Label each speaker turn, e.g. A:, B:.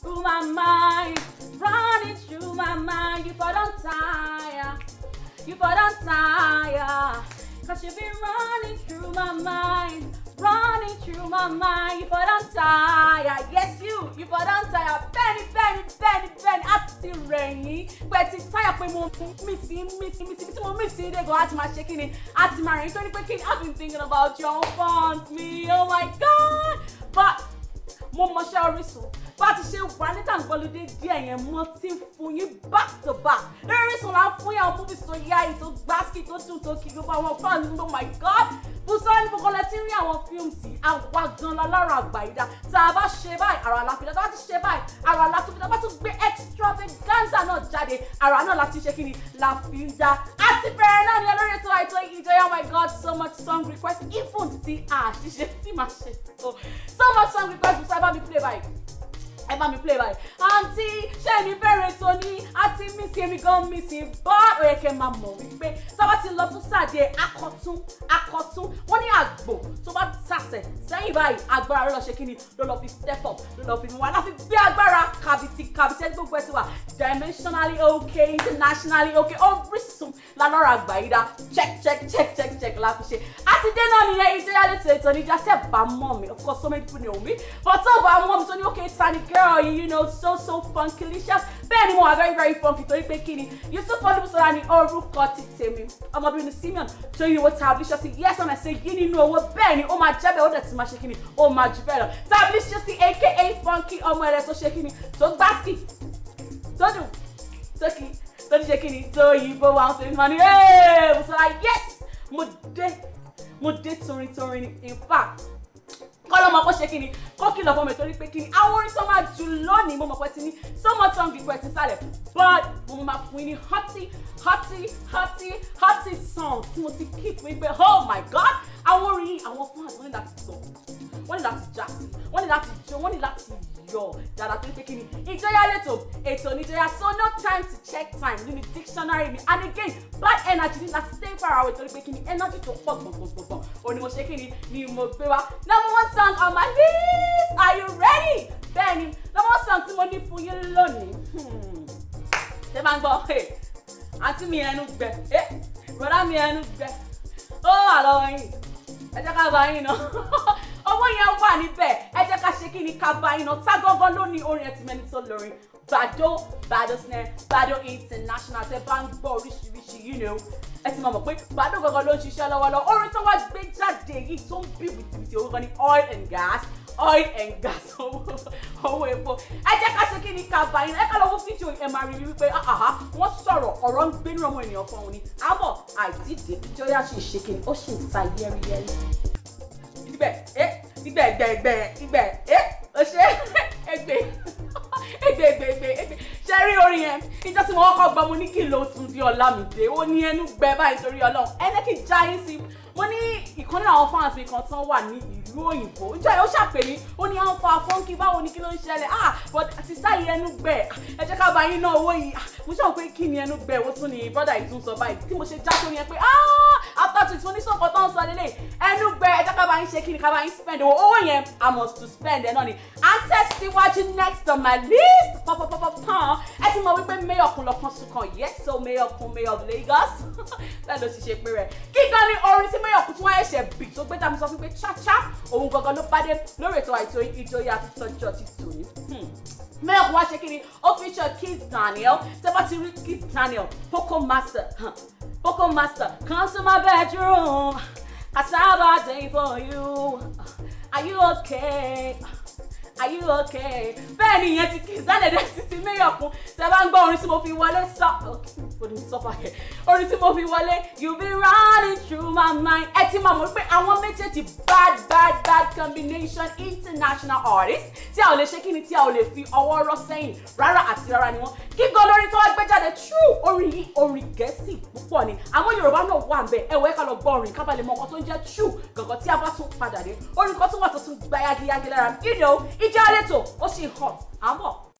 A: through my mind, running through my mind. You for don't tire, you for don't tire. Cause you've been running through my mind, running through my mind. You for don't tire, yes you, you for don't tire. Bẹ́ẹ̀ni bẹ́ẹ̀ni bẹ́ẹ̀ni bẹ́ẹ̀ni á ti rẹ̀ yín. Pẹ̀ ti But pé mo mí sí Missing, missing, mí sí bí tí mo mí sí ilé gan àti máa ṣe kí ni àti máa I've been thinking about your fun me oh my god but mo mọṣẹ́ Orísun bá ti ṣe wà ní tàǹgbọ́lódé díẹ̀ yẹn mọ́ tí ń fún yín back to back Orísun la fún yàrá tó fi yá yìí tó gbásíkì tó dùn tó kí gbogbo àwọn fans ń oh lò my god Bùsọ̀ ní gbogbo lẹ ti rí àwọn fíìmù sí àwa gan la lára àgbà yìí dá tá a bá ṣe báyìí àrà àlàfíà tá a ti ṣe báyìí àrà àlàfíà tá a bá tún gbé extravaganza náà jáde àrà náà la ṣe kí ni la fi ń dá a bẹ̀rẹ̀ náà ní olórí ètò àìtó Ìjọyà oh my god so much song request even ti àṣìṣe tí màá ṣe so much song request Bùsọ̀ ẹ bá mi play báyìí ẹ bá mi play báyìí àǹtí ṣé èmi bẹ̀rẹ̀ tó ní àti mísì èmi gan mísì bọ́ òye kẹ́ máa mọ̀ wípé sábà ti lọ fún sàdé akọ̀tún akọ̀tún wọ́n ní àgbò tó bá sàṣẹ̀ sẹ́yìn báyìí agbára ló lọ ṣe kí ni ló lọ fi step up ló lọ fi mú wa láfi gbé agbára kàbìtì kàbìtì ẹgbẹ́ gbogbo ẹ̀ ti wà dimensionally okay internationally okay Orísun lánàrà gbà yí dá check check check check check la fi ṣe àti dé náà nìyẹn ìṣẹ́yàlẹ̀ tó ètò níjà tẹ̀ bá mọ̀ mi of course so many people know me but so, bá mọ̀ mi tó ní okay tani girl you know so so funkylicious bẹ́ẹ̀ ni mo wà very very funky torí pé kí ni Yusuf Ọdúnbùsọ̀lá ni orúkọ ti tèmi ọmọbìnrin Simeon tó yíwọ́ Tablicious yes ọ̀nà ṣe yí nínú owó bẹ́ẹ̀ ni ó máa jẹ́ bẹ́ẹ̀ ó dẹ̀ ti máa ṣe kí ni ó máa jù bẹ́ẹ̀ lọ Tablicious aka funky ọmọ ẹ̀rẹ́ tó ṣe kí ni tó ń ṣe kí ni tó yìnbó wa ń ṣe mí máa ní ẹ́ẹ̀ mo sọ la yes mo dé mo dé torintorin ni in fact kọ́lọ́mọ kó ṣe kíni kó kìlọ̀ fún mi torí pé kíni àwọn orin tó máa jù lónìí mo mọ̀ pé ti ní sọ́mọ tó ń bí ti sálẹ̀ but mo máa fún yín ní hotty hotty hotty hotty song tí mo ti keep mi pé oh my god àwọn orin yìí àwọn fún àwọn nílá ti sọ wọ́n nílá ti jà sí wọ́n nílá ti jó wọ́n nílá ti yọ dáadáa tó ń pé kí ni ìjọyà lẹ́tọ̀ ètò níjọyà so no time to check time nínú dictionary mi and again bad energy ní láti stay far away torí pé kí ni energy tó pọ̀ gbọ̀ngbọ̀ngbọ̀n òní mo ṣe kí ni ni mo gbé wá number one song on my list are you ready bẹ́ẹ̀ ni number one song tí mo ní fún yín lónìí ṣé máa ń gbọ́ àǹtí mi ẹnu gbẹ bọ̀dá mi ẹnu gbẹ ó wà lọ́wọ́ yìí ẹ jẹ́ ká bá yín náà owó yẹn wà níbẹ̀ ṣe kí ni ká bá iná tá gángan ló ní orin ẹtì mẹ́ni tó lórin gbàdó gbàdó snare gbàdó international tẹ bá ń gbọ́ oríṣiríṣi yìí ni o ẹ ti máa mọ̀ pé gbàdó gángan ló ń ṣiṣẹ́ lọ́wọ́lọ́wọ́ orin tó wá gbé jáde yìí tó ń bì wìtìwìtì orúkọ ní oil and gas oil and gas owó epo ẹ jẹ́ ká ṣe kí ni ká bá iná ẹ ká lọ wo fídíò ẹ máa rí wípé ah, ah, ah, wọ́n sọ̀rọ̀ ọ̀rọ̀ ń gbénú ọmọ ènìyàn fún òun ni àbọ̀ àìtídé tó yá ṣì ṣe kí gbígbẹ gbẹ gbẹ gbígbẹ eh? ọṣẹ ẹgbẹ ẹgbẹ ẹgbẹ ẹgbẹ ẹgbẹ ṣe rí orin yẹn níjọ́ tí mo kọ́kọ́ gbọ́ mo ní kí ló tún di Ọlámídé ó ní ẹnu gbẹ báyìí torí Ọlọ́run ẹni kì í já yín sí mo ní ìkan náà àwọn fans mi kan tán wà ní ìlú òyìnbó ìjọ yóò ṣàpè mí ó ní àwọn fa fọ́nkì báwo ni kí ló ń ṣẹlẹ̀ ah but àti sáyé ẹnu gbẹ ah, ẹ jẹ́ ká bá yín náà owó yìí ah, mo ṣàwọn pé kí ni ẹnu gbẹ wo tún ni brother yìí tún sọ báyìí tí mo ṣe já tó yẹn pé ah sweet mo ní sọ́kọ̀ tó ń sọ lélẹ̀ ẹnu gbẹ ẹjọ́ ká bá yín ṣe kí ni ká bá yín spend owó owó yẹn i must to spend ẹ náà ni à ń tẹ̀síwájú next on my list pọ́npọ́npọ́n ẹ ti mọ wípé mayor kunlọ́kan sukan yes so mayor kun mayor of Lagos bẹ́ẹ̀ ló ti ṣe pé rẹ̀ kíkan ni orin tí mayor kun tún wáyé ṣẹ̀ bì tó gbé tàbí sọ fún pé ṣáṣá òun gangan ló pàdé lórí ètò àìtó ìjòyè àti tọ́jọ́ ti tòní mẹ́ẹ̀kú hmm. wá ṣe kí ni ó fi ṣe Kiss Daniel tẹ́fà ti rí Kiss Daniel Poco Master Boko master, come to my bedroom. I have a day for you. Are you okay? Are you okay? Bẹ́ẹ̀ ni ti kì í sálẹ̀ dẹ́ títí mẹ́yọ̀ kún. Ṣé bá ń gbọ́ orin tí mo fi wọlé sọ? Orin tí mo sọ yẹn. Orin tí mo fi wọlé. You be running through my mind. Ẹ ti máa mọ̀ pé àwọn méjèèjì bad bad bad combination international artists. tí a ò lè ṣe kí ni tí a ò lè fi ọwọ́ rọ́ sẹ́yìn rárá àti rárá ni wọ́n. Kí gan lórin tó wá gbé jáde true orin yìí orin gẹ̀ẹ́sì púpọ̀ ni àmọ́ yorùbá náà wà ń bẹ ẹ̀wẹ̀ ká lọ gbọ́ orin ká bá lè mọ ọkọ tó ń jẹ́ true gangan tí a bá tún padà dé orin kan tó wà tó tún gbá yagiyagi lára you know ìjà àlejò ó sì hot àmọ́